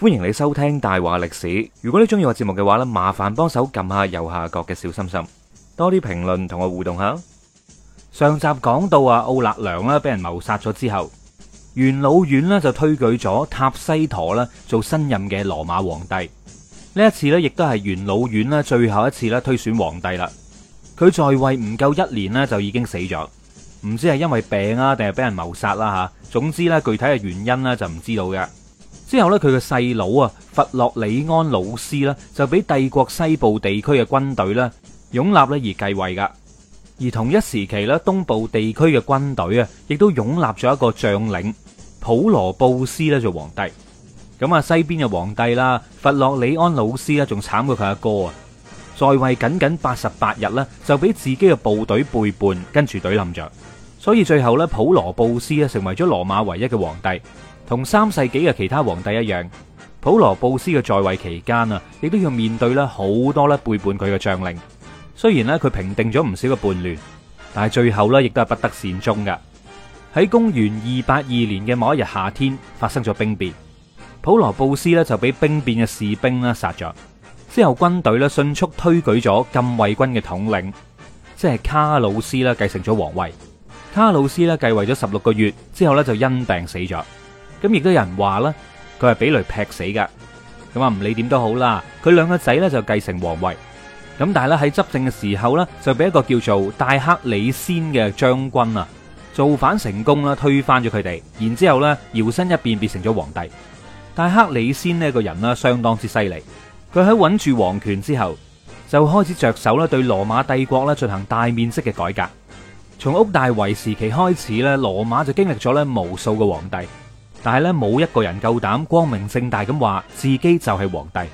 歡迎你收聽大話歷史。如果你中意我節目嘅話呢，麻煩幫手撳下右下角嘅小心心，多啲評論同我互動下。上集講到啊，奧勒良啦，俾人謀殺咗之後，元老院呢就推舉咗塔西陀啦做新任嘅羅馬皇帝。呢一次呢亦都係元老院呢最後一次咧推選皇帝啦。佢在位唔夠一年呢，就已經死咗，唔知係因為病啊，定係俾人謀殺啦吓。總之呢，具體嘅原因呢就唔知道嘅。之後咧，佢嘅細佬啊，弗洛里安努斯咧，就俾帝國西部地區嘅軍隊咧，擁立咧而繼位噶。而同一時期咧，東部地區嘅軍隊啊，亦都擁立咗一個將領普羅布斯咧做皇帝。咁啊，西邊嘅皇帝啦，弗洛里安努斯咧，仲慘過佢阿哥啊，在位僅僅八十八日咧，就俾自己嘅部隊背叛，跟住隊冧着。所以最後咧，普羅布斯咧成為咗羅馬唯一嘅皇帝。同三世紀嘅其他皇帝一樣，普羅布斯嘅在位期間啊，亦都要面對咧好多咧背叛佢嘅將領。雖然咧佢平定咗唔少嘅叛亂，但係最後咧亦都係不得善終㗎。喺公元二八二年嘅某一日夏天，發生咗兵變，普羅布斯咧就俾兵變嘅士兵咧殺咗。之後軍隊咧迅速推舉咗禁衛軍嘅統領，即係卡魯斯咧繼承咗皇位。卡魯斯咧繼位咗十六個月之後咧，就因病死咗。咁亦都有人話呢佢係俾雷劈死噶。咁啊，唔理點都好啦，佢兩個仔呢就繼承皇位。咁但係咧喺執政嘅時候呢，就俾一個叫做戴克里先嘅將軍啊造反成功啦，推翻咗佢哋，然之後咧搖身一變變成咗皇帝。戴克里先呢個人呢，相當之犀利。佢喺穩住皇權之後，就開始着手咧對羅馬帝國咧進行大面積嘅改革。從屋大維時期開始咧，羅馬就經歷咗咧無數嘅皇帝。但係咧，冇一個人夠膽光明正大咁話自己就係皇帝。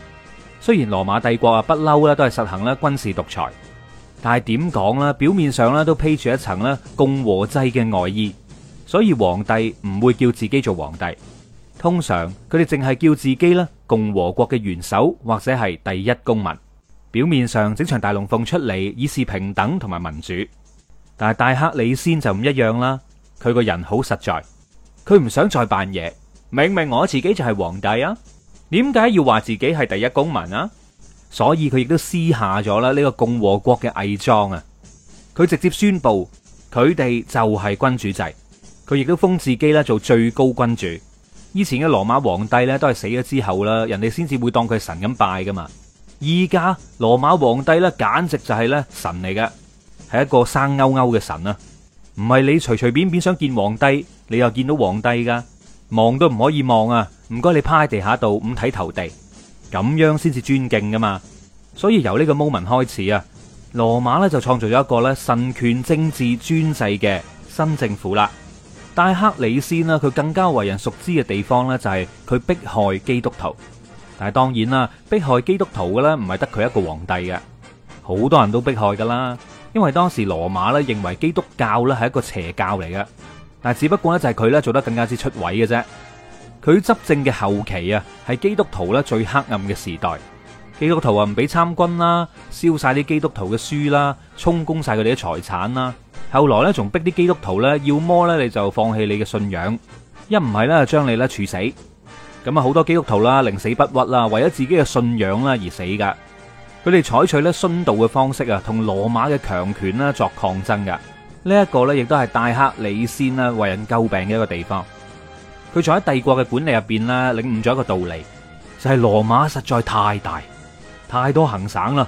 雖然羅馬帝國啊不嬲啦，都係實行啦軍事獨裁，但係點講呢？表面上咧都披住一層咧共和制嘅外衣，所以皇帝唔會叫自己做皇帝。通常佢哋淨係叫自己咧共和國嘅元首或者係第一公民。表面上整場大龍鳳出嚟，以示平等同埋民主。但係戴克里先就唔一樣啦，佢個人好實在。佢唔想再扮嘢，明明我自己就係皇帝啊，點解要話自己係第一公民啊？所以佢亦都撕下咗啦呢個共和國嘅偽裝啊。佢直接宣布佢哋就係君主制，佢亦都封自己咧做最高君主。以前嘅羅馬皇帝咧都係死咗之後啦，人哋先至會當佢係神咁拜噶嘛。而家羅馬皇帝咧簡直就係咧神嚟嘅，係一個生勾勾嘅神啊，唔係你隨隨便便想見皇帝。你又見到皇帝噶，望都唔可以望啊！唔該，你趴喺地下度五體投地咁樣先至尊敬噶嘛？所以由呢個 moment 開始啊，羅馬呢就創造咗一個咧神權政治專制嘅新政府啦。戴克里先呢，佢更加為人熟知嘅地方呢，就係佢迫害基督徒。但係當然啦，迫害基督徒嘅咧唔係得佢一個皇帝嘅，好多人都迫害噶啦。因為當時羅馬呢認為基督教呢係一個邪教嚟嘅。但係只不過咧就係佢咧做得更加之出位嘅啫。佢執政嘅後期啊，係基督徒咧最黑暗嘅時代。基督徒啊唔俾參軍啦，燒晒啲基督徒嘅書啦，充公晒佢哋嘅財產啦。後來咧，仲逼啲基督徒呢，要麼呢，你就放棄你嘅信仰，一唔係咧將你咧處死。咁啊好多基督徒啦寧死不屈啦，為咗自己嘅信仰啦而死噶。佢哋採取呢，殉道嘅方式啊，同羅馬嘅強權啦作抗爭噶。呢一個咧，亦都係戴克里先啦，為人詬病嘅一個地方。佢仲喺帝國嘅管理入邊呢，領悟咗一個道理，就係羅馬實在太大，太多行省啦，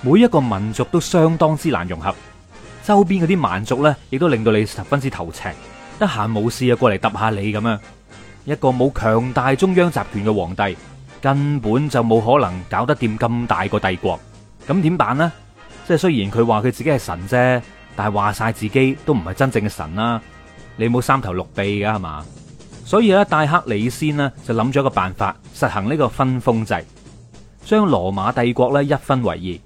每一個民族都相當之難融合。周邊嗰啲蠻族呢，亦都令到你十分之頭赤，得閒冇事就過嚟揼下你咁啊！一個冇強大中央集權嘅皇帝，根本就冇可能搞得掂咁大個帝國。咁點辦呢？即係雖然佢話佢自己係神啫。但係話晒自己都唔係真正嘅神啦，你冇三頭六臂噶係嘛？所以咧，戴克里先呢就諗咗一個辦法，實行呢個分封制，將羅馬帝國咧一分為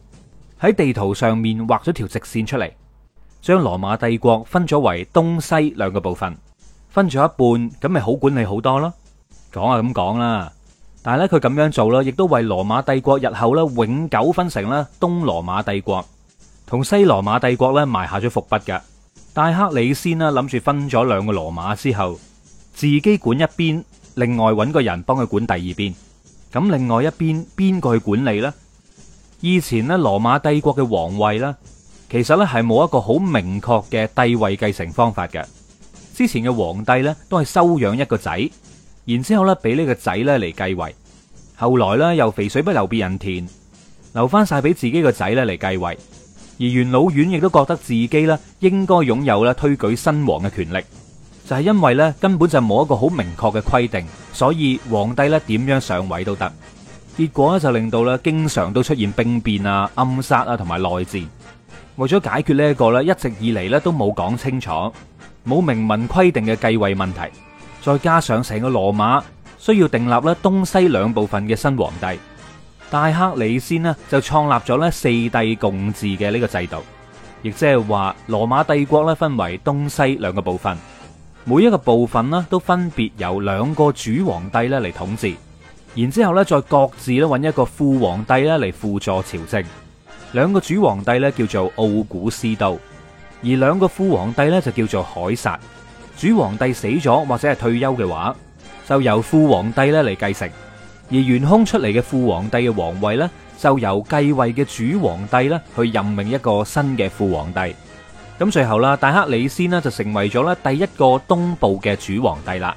二，喺地圖上面畫咗條直線出嚟，將羅馬帝國分咗為東西兩個部分，分咗一半，咁咪好管理好多咯。講就咁講啦，但係咧佢咁樣做咧，亦都為羅馬帝國日後咧永久分成咧東羅馬帝國。同西羅馬帝國咧埋下咗伏筆嘅。戴克里先啦，諗住分咗兩個羅馬之後，自己管一邊，另外搵個人幫佢管第二邊。咁另外一邊邊個去管理呢？以前咧羅馬帝國嘅皇位呢，其實咧係冇一個好明確嘅帝位繼承方法嘅。之前嘅皇帝咧都係收養一個仔，然之後咧俾呢個仔咧嚟繼位。後來咧又肥水不流別人田，留翻晒俾自己個仔咧嚟繼位。而元老院亦都覺得自己咧應該擁有咧推舉新王嘅權力，就係因為咧根本就冇一個好明確嘅規定，所以皇帝咧點樣上位都得，結果咧就令到咧經常都出現兵變啊、暗殺啊同埋內戰。為咗解決呢一個咧，一直以嚟咧都冇講清楚，冇明文規定嘅繼位問題，再加上成個羅馬需要訂立咧東西兩部分嘅新皇帝。戴克里先呢，就創立咗咧四帝共治嘅呢個制度，亦即係話羅馬帝國咧分為東西兩個部分，每一個部分呢，都分別由兩個主皇帝咧嚟統治，然之後咧再各自咧揾一個副皇帝咧嚟輔助朝政。兩個主皇帝咧叫做奧古斯都，而兩個副皇帝咧就叫做凱撒。主皇帝死咗或者係退休嘅話，就由副皇帝咧嚟繼承。而懸空出嚟嘅副皇帝嘅皇位呢，就由繼位嘅主皇帝呢去任命一個新嘅副皇帝。咁最後啦，戴克里先呢就成為咗咧第一個東部嘅主皇帝啦。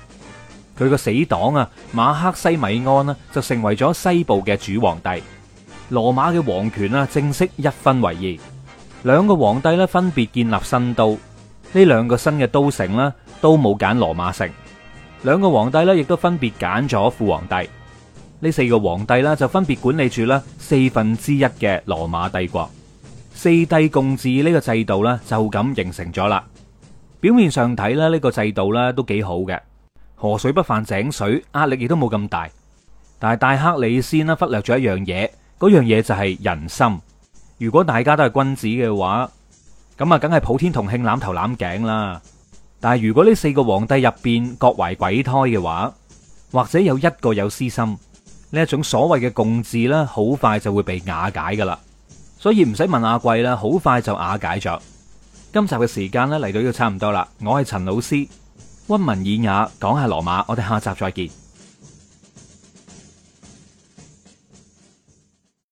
佢個死黨啊，馬克西米安呢就成為咗西部嘅主皇帝。羅馬嘅皇權啊正式一分為二，兩個皇帝呢分別建立新都。呢兩個新嘅都城呢都冇揀羅馬城，兩個皇帝呢亦都分別揀咗副皇帝。呢四個皇帝咧，就分別管理住咧四分之一嘅羅馬帝國，四帝共治呢個制度咧就咁形成咗啦。表面上睇咧，呢個制度咧都幾好嘅，河水不犯井水，壓力亦都冇咁大。但係戴克里先啦，忽略咗一樣嘢，嗰樣嘢就係人心。如果大家都係君子嘅話，咁啊，梗係普天同慶，攬頭攬頸啦。但係如果呢四個皇帝入邊各懷鬼胎嘅話，或者有一個有私心。呢一種所謂嘅共治呢，好快就會被瓦解噶啦，所以唔使問阿貴啦，好快就瓦解咗。今集嘅時間咧，嚟到呢度差唔多啦，我係陳老師，溫文爾雅講下羅馬，我哋下集再見。